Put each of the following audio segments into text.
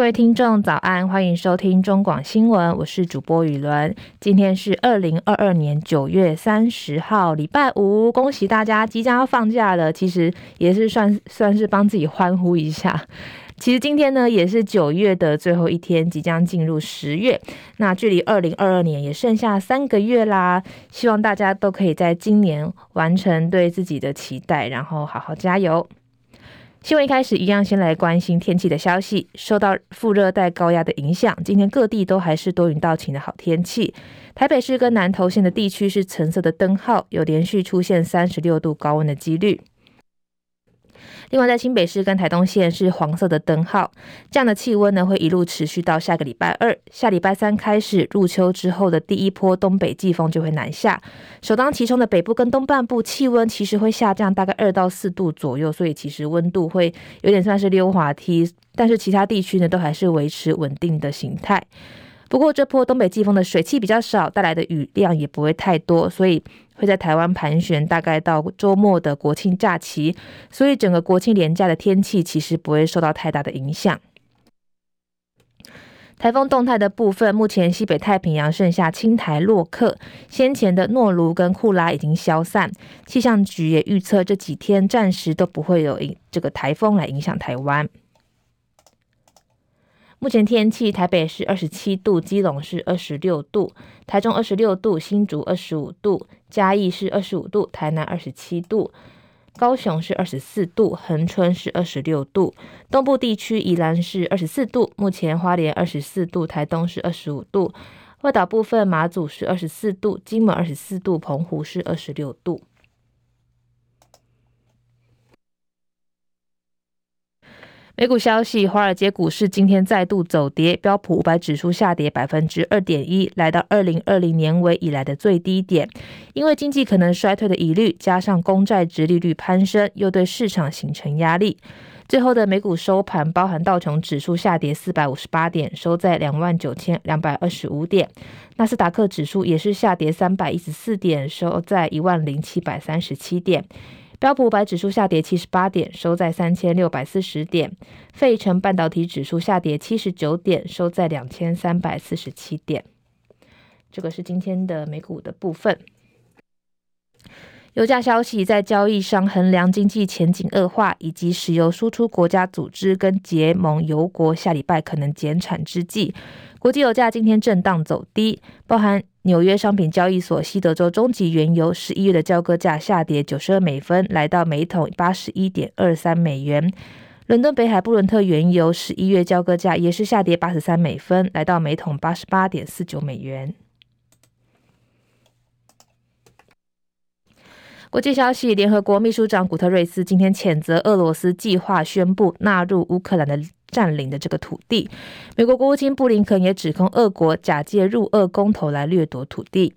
各位聽眾，早安！歡迎收聽中廣新聞，我是主播於倫。今天是二零二二年九月三十號，禮拜五。恭喜大家，即將要放假了，其實也是算算是幫自己歡呼一下。其實今天呢，也是九月的最後一天，即將進入十月。那距離二零二二年也剩下三個月啦，希望大家都可以在今年完成對自己的期待，然後好好加油。新聞一開始一樣，先來關心天氣的消息。受到副熱帶高壓的影響，今天各地都還是多雲到晴的好天氣。台北市跟南投縣的地區是橙色的燈號，有連續出現三十六度高溫的機率。另外，在新北市跟台東縣是黃色的燈號，這樣的氣溫呢，會一路持續到下個禮拜二。下禮拜三開始，入秋之後的第一波東北季風就會南下，首當其衝的北部跟東半部氣溫其實會下降大概二到四度左右，所以其實溫度會有點算是溜滑梯，但是其他地區呢，都還是維持穩定的形態。不過，這波東北季風的水汽比較少，帶來的雨量也不會太多，所以會在台灣盤旋，大概到周末的國慶假期。所以，整個國慶連假的天氣其實不會受到太大的影響。台風動態的部分，目前西北太平洋剩下輕颱洛克，先前的諾盧跟庫拉已經消散。氣象局也預測，這幾天暫時都不會有這個台風來影響台灣。目前天氣，台北是二十七度，基隆是二十六度，台中二十六度，新竹二十五度，嘉義是二十五度，台南二十七度，高雄是二十四度，恆春是二十六度，東部地區宜蘭是二十四度，目前花蓮二十四度，台東是二十五度，外島部分馬祖是二十四度，金門二十四度，澎湖是二十六度。美股消息，華爾街股市今天再度走跌，標普五百指數下跌百分之二點一，來到二零二零年尾以來的最低點。因為經濟可能衰退的疑慮，加上公債殖利率攀升，又對市場形成壓力。最後的美股收盤，包含道瓊指數下跌四百五十八點，收在兩萬九千兩百二十五點；納斯達克指數也是下跌三百一十四點，收在一萬零七百三十七點。標普五百指數下跌七十八點，收在三千六百四十點；費城半導體指數下跌七十九點，收在兩千三百四十七點。這個是今天的美股的部分。油價消息，在交易商衡量經濟前景惡化，以及石油輸出國家組織跟結盟油國下禮拜可能減產之際。國際油價今天震盪走低，包含紐約商品交易所西德州中級原油十一月的交割價下跌九十二美分，來到每桶八十一點二三美元。倫敦北海布倫特原油十一月交割價也是下跌八十三美分，來到每桶八十八點四九美元。國際消息：聯合國秘書長古特瑞斯今天譴責俄羅斯計劃宣布納入烏克蘭的。佔領的這個土地，美國國務卿布林肯也指控俄國假借入俄公投來掠奪土地。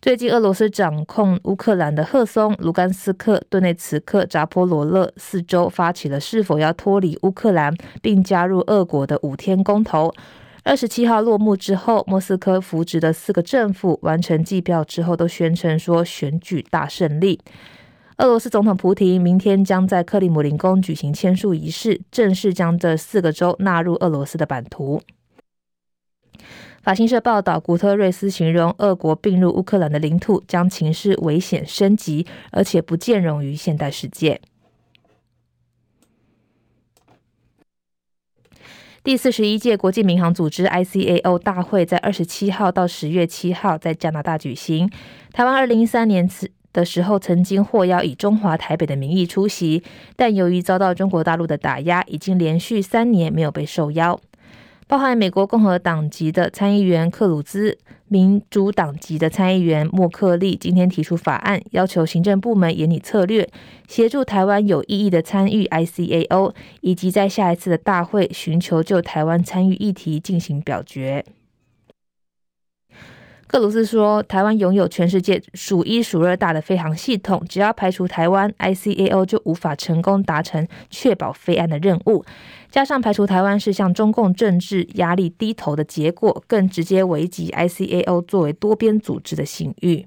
最近，俄羅斯掌控烏克蘭的赫松、盧甘斯克、頓內茨克、扎波羅熱四州發起了是否要脫離烏克蘭並加入俄國的五天公投。二十七號落幕之後，莫斯科扶植的四個政府完成計票之後，都宣稱說選舉大勝利。俄羅斯總統普丁明天將在克里姆林宮舉行簽署儀式，正式將這四個州納入俄羅斯的版圖。法新社報道，古特瑞斯形容俄國併入烏克蘭的領土將情勢危險升級，而且不見容於現代世界。第四十一屆國際民航組織 （ICAO） 大會在二十七號到十月七號在加拿大舉行。台灣二零一三年次。的時候，曾經獲邀以中華台北的名義出席，但由於遭到中國大陸的打壓，已經連續三年沒有被受邀。包含美國共和黨籍的參議員克魯茲、民主黨籍的參議員莫克利，今天提出法案，要求行政部門研擬策略，協助台灣有意義的參與 ICAO，以及在下一次的大會尋求就台灣參與議題進行表決。克魯斯說，台灣擁有全世界數一數二大的飛航系統，只要排除台灣，ICAO 就無法成功達成確保飛安的任務。加上排除台灣是向中共政治壓力低頭的結果，更直接危及 ICAO 作為多邊組織的信譽。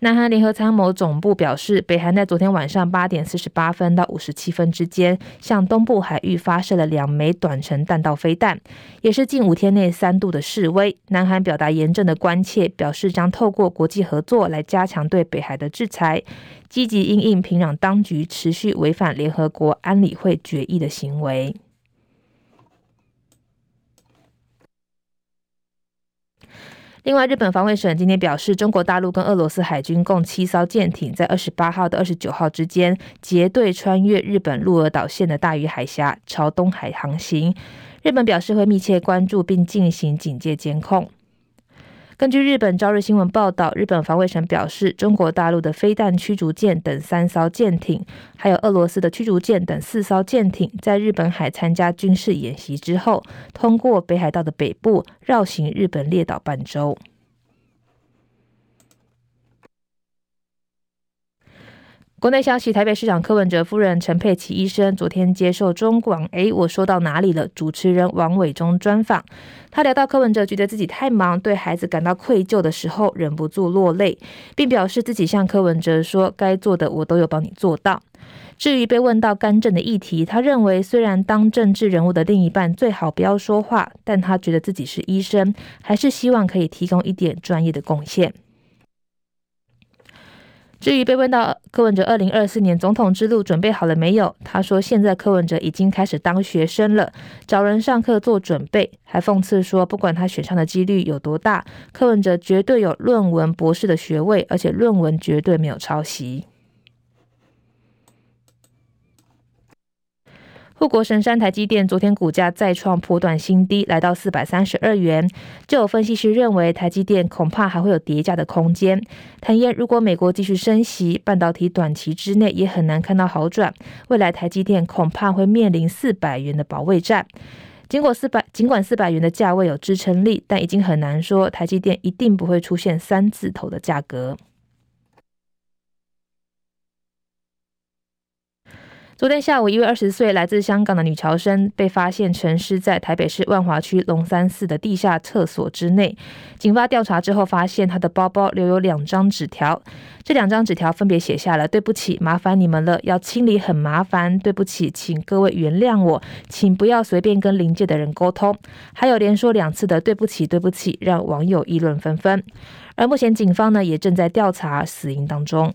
南韓聯合參謀總部表示，北韓在昨天晚上八點四十八分到五十七分之間，向東部海域發射了兩枚短程彈道飛彈，也是近五天內三度的示威。南韓表達嚴正的關切，表示將透過國際合作來加強對北韓的制裁，積極因應平壤當局持續違反聯合國安理會決議的行為。另外，日本防衛省今天表示，中國大陸跟俄羅斯海軍共七艘艦艇，在二十八號到二十九號之間結隊穿越日本鹿兒島縣的大隅海峽，朝東海航行。日本表示會密切關注並進行警戒監控。根據日本朝日新聞報道，日本防衛省表示，中國大陸的飛彈驅逐艦等三艘艦艇，還有俄羅斯的驅逐艦等四艘艦艇，在日本海參加軍事演習之後，通過北海道的北部繞行日本列島半周。國內消息：台北市長柯文哲夫人陳佩琪醫生昨天接受中廣，哎，我說到哪裡了？主持人王偉忠專訪，他聊到柯文哲覺得自己太忙，對孩子感到愧疚的時候，忍不住落淚，並表示自己向柯文哲說：“該做的我都有幫你做到。”至於被問到干政的議題，他認為雖然當政治人物的另一半最好不要說話，但他覺得自己是醫生，還是希望可以提供一點專業的貢獻。至於被問到柯文哲二零二四年總統之路準備好了沒有，他說，現在柯文哲已經開始當學生了，找人上課做準備，還諷刺說，不管他選上的幾率有多大，柯文哲絕對有論文博士的學位，而且論文絕對沒有抄襲。護國神山台積電昨天股價再創波段新低，來到四百三十二元。就有分析師認為，台積電恐怕還會有跌價的空間。坦言，如果美國繼續升息，半導體短期之內也很難看到好轉。未來台積電恐怕會面臨四百元的保衛戰。經過四百，儘管四百元的價位有支撐力，但已經很難說台積電一定不會出現三字頭的價格。昨天下午20，一位二十歲來自香港的女僑生被發現陳屍在台北市萬華區龍山寺的地下廁所之內。警方調查之後，發現她的包包留有兩張紙條，這兩張紙條分別寫下了“對不起，麻煩你們了，要清理很麻煩，對不起，請各位原諒我，請不要隨便跟臨界的人溝通”，還有連說兩次的“對不起，對不起”，讓網友議論紛紛。而目前警方呢，也正在調查死因當中。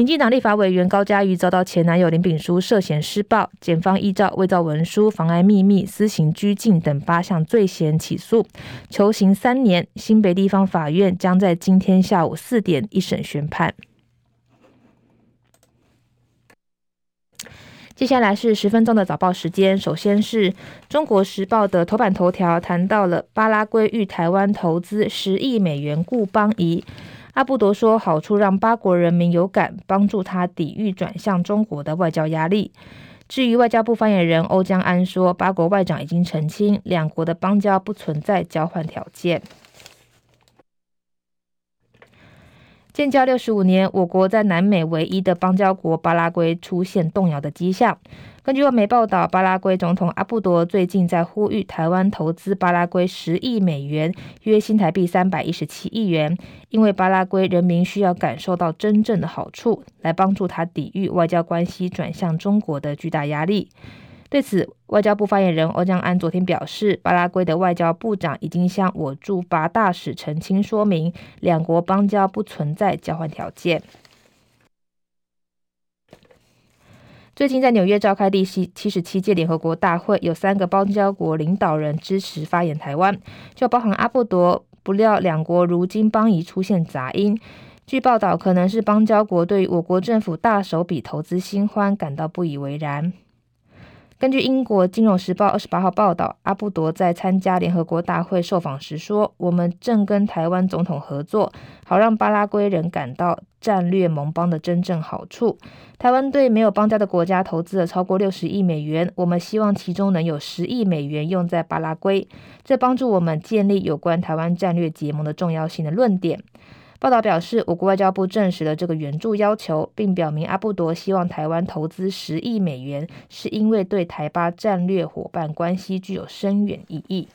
民進黨立法委員高嘉瑜遭到前男友林秉書涉嫌施暴，檢方依照偽造文書、妨礙秘密、私刑拘禁等八項罪嫌起訴，求刑三年。新北地方法院將在今天下午四點一審宣判。接下來是十分鐘的早報時間，首先是中國時報的頭版頭條，談到了巴拉圭與台灣投資十億美元固邦，固邦誼。阿布多說，好處讓巴國人民有感，幫助他抵禦轉向中國的外交壓力。至於外交部發言人歐江安說，巴國外長已經澄清，兩國的邦交不存在交換條件。建交六十五年，我國在南美唯一的邦交國巴拉圭出現動搖的跡象。根據外媒報道，巴拉圭總統阿布多最近在呼籲台灣投資巴拉圭十億美元（約新台幣三百一十七億元），因為巴拉圭人民需要感受到真正的好處，來幫助他抵御外交關係轉向中國的巨大壓力。對此，外交部發言人歐江安昨天表示，巴拉圭的外交部長已經向我駐巴大使澄清說明，兩國邦交不存在交換條件。最近在紐約召開第七七十七屆聯合國大會，有三個邦交國領導人支持發言台灣，就包含阿布多。不料兩國如今邦誼出現雜音，據報道，可能是邦交國對我國政府大手筆投資新歡感到不以為然。根據英國《金融時報》二十八號報道，阿布多在參加聯合國大會受訪時說：“我們正跟台灣總統合作，好讓巴拉圭人感到戰略盟邦的真正好處。台灣對沒有邦交的國家投資了超過六十億美元，我們希望其中能有十億美元用在巴拉圭，這幫助我們建立有關台灣戰略結盟的重要性的論點。”報道表示，我國外交部證實了這個援助要求，並表明阿布多希望台灣投資十億美元，是因為對台巴戰略夥伴關係具有深遠意義。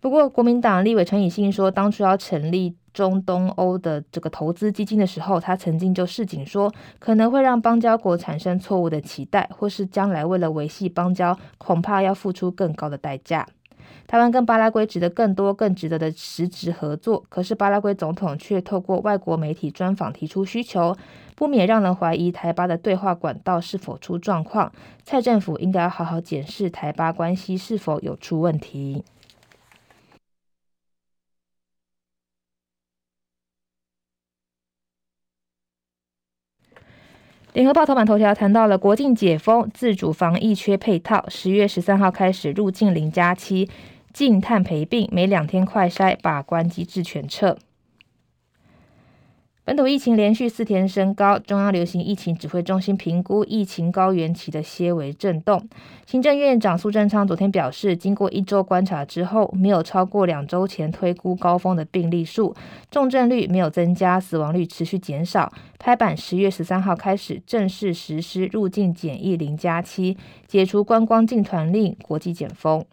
不過，國民黨立委陳以信說，當初要成立中東歐的這個投資基金的時候，他曾經就示警說，可能會讓邦交國產生錯誤的期待，或是將來為了維繫邦交，恐怕要付出更高的代價。台灣跟巴拉圭值得更多、更值得的實質合作，可是巴拉圭總統卻透過外國媒體專訪提出需求，不免讓人懷疑台巴的對話管道是否出狀況。蔡政府應該要好好檢視台巴關係是否有出問題。聯合報頭版頭條談到了國境解封、自主防疫缺配套，十月十三號開始入境零加七。7，禁探陪病，每兩天快篩，把關機制全撤。本土疫情連續四天升高，中央流行疫情指揮中心評估疫情高原期的些微震動。行政院長蘇貞昌昨天表示，經過一周觀察之後，沒有超過兩周前推估高峰的病例數，重症率沒有增加，死亡率持續減少。拍板十月十三號開始正式實施入境檢疫零加七，解除觀光禁團令，國際減封。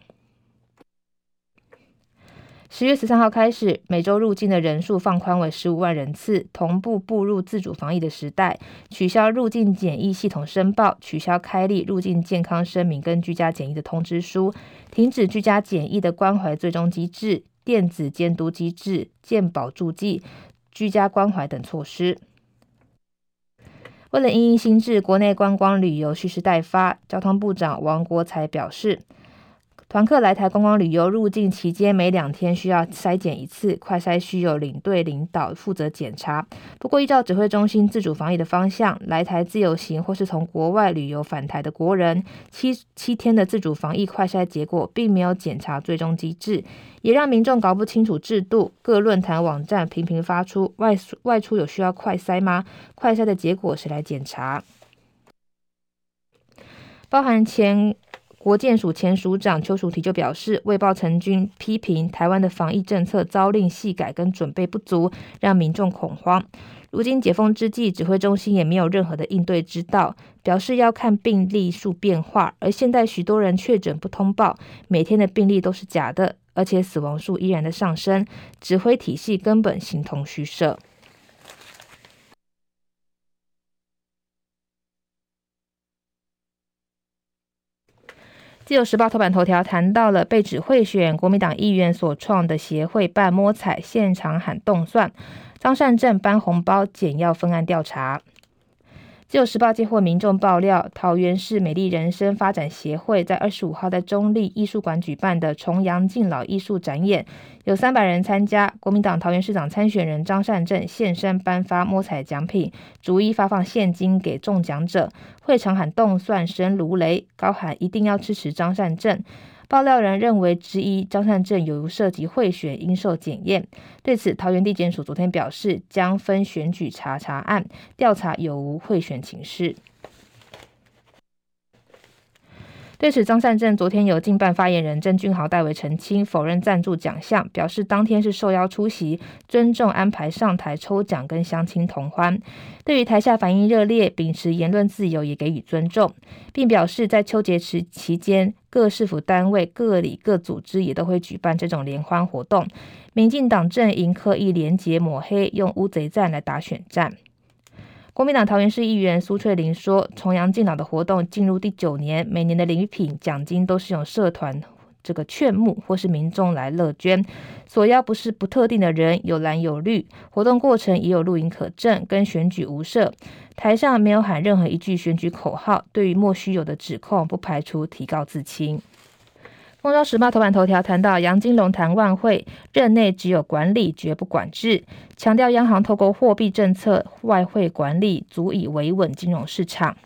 十月十三號開始，每周入境的人數放寬為十五萬人次，同步步入自主防疫的時代，取消入境檢疫系統申報，取消開立入境健康聲明跟居家檢疫的通知書，停止居家檢疫的關懷追蹤機制、電子監督機制、健保註記、居家關懷等措施。為了因應新制，國內觀光旅遊蓄勢待發，交通部長王國材表示。團客來台觀光旅遊入境期間，每兩天需要篩檢一次，快篩需有領隊領導負責檢查。不過，依照指揮中心自主防疫的方向，來台自由行或是從國外旅遊返台的國人，七七天的自主防疫快篩結果並沒有檢查最終機制，也讓民眾搞不清楚制度。各論壇網站頻頻發出外外出有需要快篩嗎？快篩的結果誰來檢查？包含前。國健署前署長邱淑媞就表示，衛報曾經批評台灣的防疫政策朝令夕改，跟準備不足，讓民眾恐慌。如今解封之際，指揮中心也沒有任何的應對之道，表示要看病例數變化。而現在許多人確診不通報，每天的病例都是假的，而且死亡數依然的上升，指揮體系根本形同虛設。自由時報頭版頭條談到了被指賄選國民黨議員所創的協會辦摸彩，現場喊凍蒜，張善政頒紅包，檢廉分案調查。自由時報接獲民眾爆料，桃園市美麗人生發展協會在二十五號在中壢藝術館舉辦的重陽敬老藝術展演，有三百人參加。國民黨桃園市長參選人張善政現身頒發摸彩獎品，逐一發放現金給中獎者。會場喊凍蒜，聲如雷，高喊一定要支持張善政。爆料人認為之一，張善政有涉及賄選應受檢驗。對此，桃園地檢署昨天表示，將分選舉查查案，調查有無賄選情事。對此，張善政昨天由近辦發言人鄭俊豪代為澄清，否認贊助獎項，表示當天是受邀出席，尊重安排上台抽獎跟鄉親同歡。對於台下反應熱烈，秉持言論自由也給予尊重，並表示在秋節時期間，各市府單位、各里、各組織也都會舉辦這種聯歡活動。民進黨陣營刻意連結抹黑，用烏賊戰來打選戰。國民黨桃園市議員蘇翠玲說：“重陽敬老的活動進入第九年，每年的禮品獎金都是用社團這個勸募或是民眾來樂捐，所邀，不是不特定的人，有藍有綠。活動過程也有錄音可證，跟選舉無涉。台上沒有喊任何一句選舉口號，對於莫須有的指控，不排除提告自清。”《工商時報》頭版頭條談到，楊金龍談外匯任內只有管理，絕不管制，強調央行透過貨幣政策、外匯管理，足以維穩金融市場。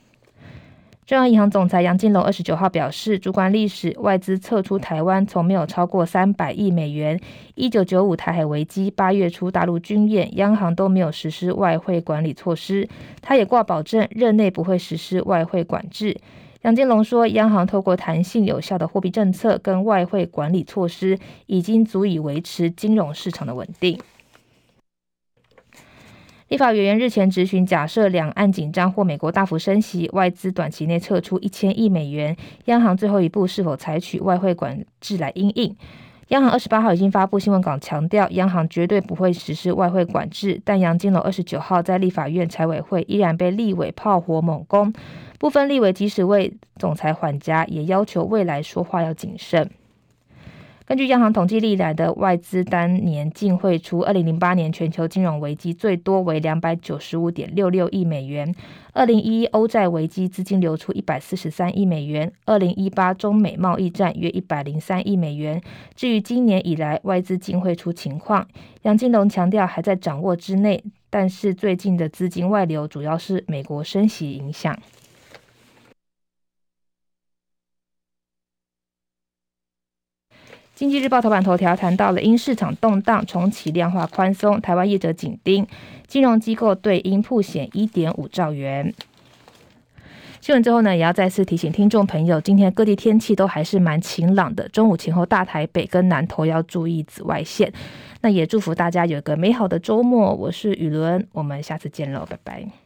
中央銀行總裁楊金龍二十九號表示，主管歷史外資撤出台灣，從沒有超過三百億美元。一九九五台海危機八月初大陸軍演，央行都沒有實施外匯管理措施。他也掛保證，任內不會實施外匯管制。楊金龍說，央行透過彈性有效的貨幣政策跟外匯管理措施，已經足以維持金融市場的穩定。立法委員日前質詢，假設兩岸緊張或美國大幅升息，外資短期內撤出一千億美元，央行最後一步是否採取外匯管制來因應？央行二十八號已經發布新聞稿，強調央行絕對不會實施外匯管制。但楊金龍二十九號在立法院財委會依然被立委炮火猛攻，部分立委即使為總裁緩頰，也要求未來說話要謹慎。根據央行統計，歷來的外資單年淨匯出，2008年全球金融危機最多為295.66億美元；2011歐債危機資金流出143億美元；2018中美貿易戰約103億美元。至於今年以來外資淨匯出情況，楊金龍強調還在掌握之內，但是最近的資金外流主要是美國升息影響。經濟日報頭版頭條談到了英市場動盪重啟量化寬鬆，台灣業者緊盯，金融機構對英曝險一點五兆元。新聞之後呢，也要再次提醒聽眾朋友，今天各地天氣都還是蠻晴朗的，中午前後大台北跟南投要注意紫外線。那也祝福大家有一個美好的週末，我是雨倫，我們下次見囉，拜拜。